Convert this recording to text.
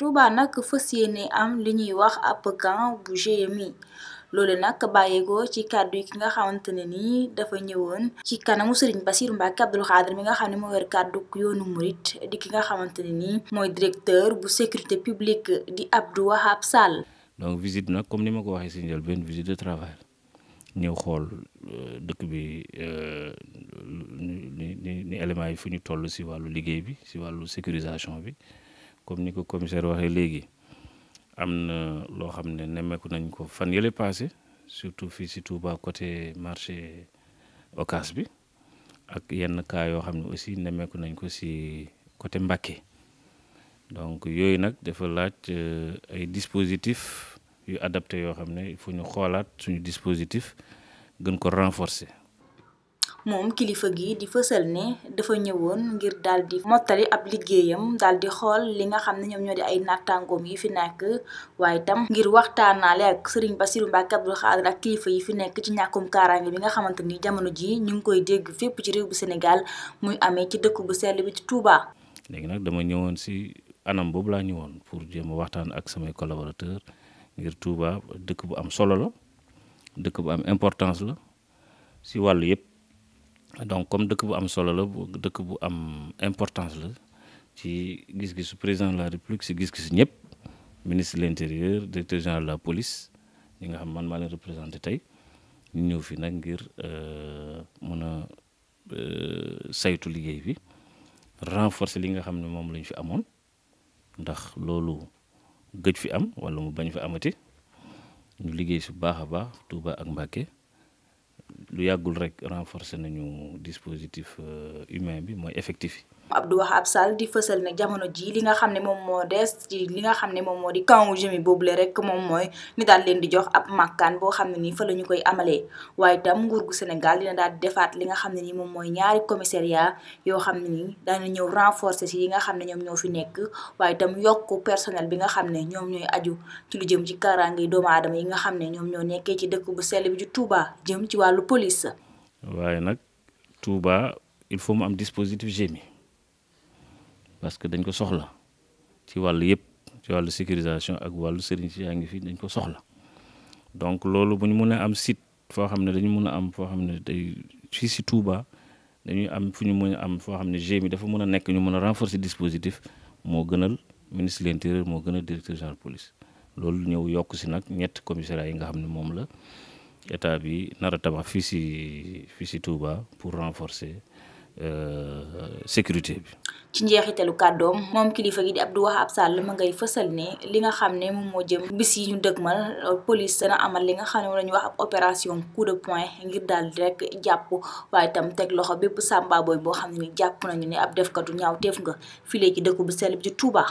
Touba nag fas yéene am li ñuy wax ab camp bu GMI loolu nag bàyyeekoo ci kàddu yi ki nga xamante ne nii dafa ñëwoon ci kanamu Serigne Bassirou Mbacké Abdoul Khadre mi nga xam ne mooy yor kàddu yoonu murit di ki nga xamante ne nii mooy directeur bu sécurité publique di Abdou Wahab Sall. donc visite nag comme ni ma ko waxee si njël benn visite de travail ñëw xool euh, dëkk bi ni euh, ni yi fu ñu toll si wàllu liggéey bi si wàllu sécurisation bi. comme ni ko commissaire waxee léegi am na loo xam ne nemmeeku nañ ko fan yële passé surtout fii si Touba côté marché Ocass bi ak yenn kaa yoo xam ne aussi nemmeeku nañ ko si côté Mbacké donc yooyu nag dafa laaj euh, ay dispositifs yu adapté yoo xam ne fu ñu xoolaat suñu dispositif gën ko renforcer moom kilifa gi di fësal ne dafa ñëwoon ngir daal di mottali ab liggéeyam daal di xool li nga xam ne ñoom ñoo di ay nattaangoom yi fi nekk waaye tam ngir waxtaanaale ak Serigne Bassirou Mbacké Abdou Khadr ak kilifa yi fi nekk ci ñàkkum kaaraange bi nga xamante ni jamono ji ñu ngi koy dégg fépp ci réew bu Sénégal muy amee ci dëkk bu sell bi ci tuubaa léegi nag dama ñëwoon si anam boobu laa ñëwoon pour jéem waxtaan ak samay collaborateur ngir Touba dëkk bu am solo la dëkk bu am importance la si wàllu yëpp. donc comme dëkk bu am solo la dëkk bu am importance la ci gis gis su président de la république si gis gis ñëpp ministre de l' intérieur directeur général de la police ñi nga xam man maa représenté tey ñëw fi nag ngir euh, mën a euh, saytu liggéey bi renforcer li nga xam ne moom lañu fi amoon ndax loolu gëj fi am walla mu bañ fi amati ñu liggéey si baax a baax Touba ak Mbacké lu yàggul rek renforcer nañu dispositif euh, humain bi mooy effectif yi wax Wahab Sall di fësal ne jamono jii li nga xam ne moom moo des ci li nga xam ne moom moo di camp Jëmi boobule rek moom mooy ni daal leen di jox ab màkkaan boo xam ne nii fa la ñu koy amalee waaye tam nguur gu Sénégal dina daal defaat li nga xam ne nii moom mooy ñaari commissariat yoo xam ne nii daana ñëw renforcer yi nga xam ne ñoom ñoo fi nekk waaye tam yokk personnel bi nga xam ne ñoom ñooy aju ci lu jëm ci kaaraange doomu aadama yi nga xam ne ñoom ñoo nekkee ci dëkk bu sell bi ju Touba jëm ci wàllu police. waaye nag Touba il faut mu am dispositif Jëmi parce que dañ ko soxla ci wàll yëpp ci wàllu sécurisation ak wàllu sëriñ si yaa ngi fi dañ ko soxla donc loolu bu ñu mun a am site foo xam ne dañu mun a am foo xam ne day fii si Touba dañuy am fu ñu mun a am foo xam ne GMI dafa mun a nekk ñu mun a renforcer dispositif moo gënal ministre de l'intérieur moo gënal directeur général police loolu ñëw yokk si nag ñett commissariat yi nga xam ne moom la état bi nar a tabax fii si fii si Touba pour renforcer euh, sécurité bi. ci njeexitalu kàddoom mhm. moom kilifa gi di wax Wahab sàll ma ngay fësal ne li nga xam ne moom moo jëm bis yi ñu ma police dana amal li nga xam ne lañu wax ab opération coup de poing ngir daal di rek jàpp waaye itam teg loxo bépp sàmbaabooy boo xam ne jàpp nañu ne ab defkatu ñaaw teef nga file ci dëkku bu sell bi ci Touba.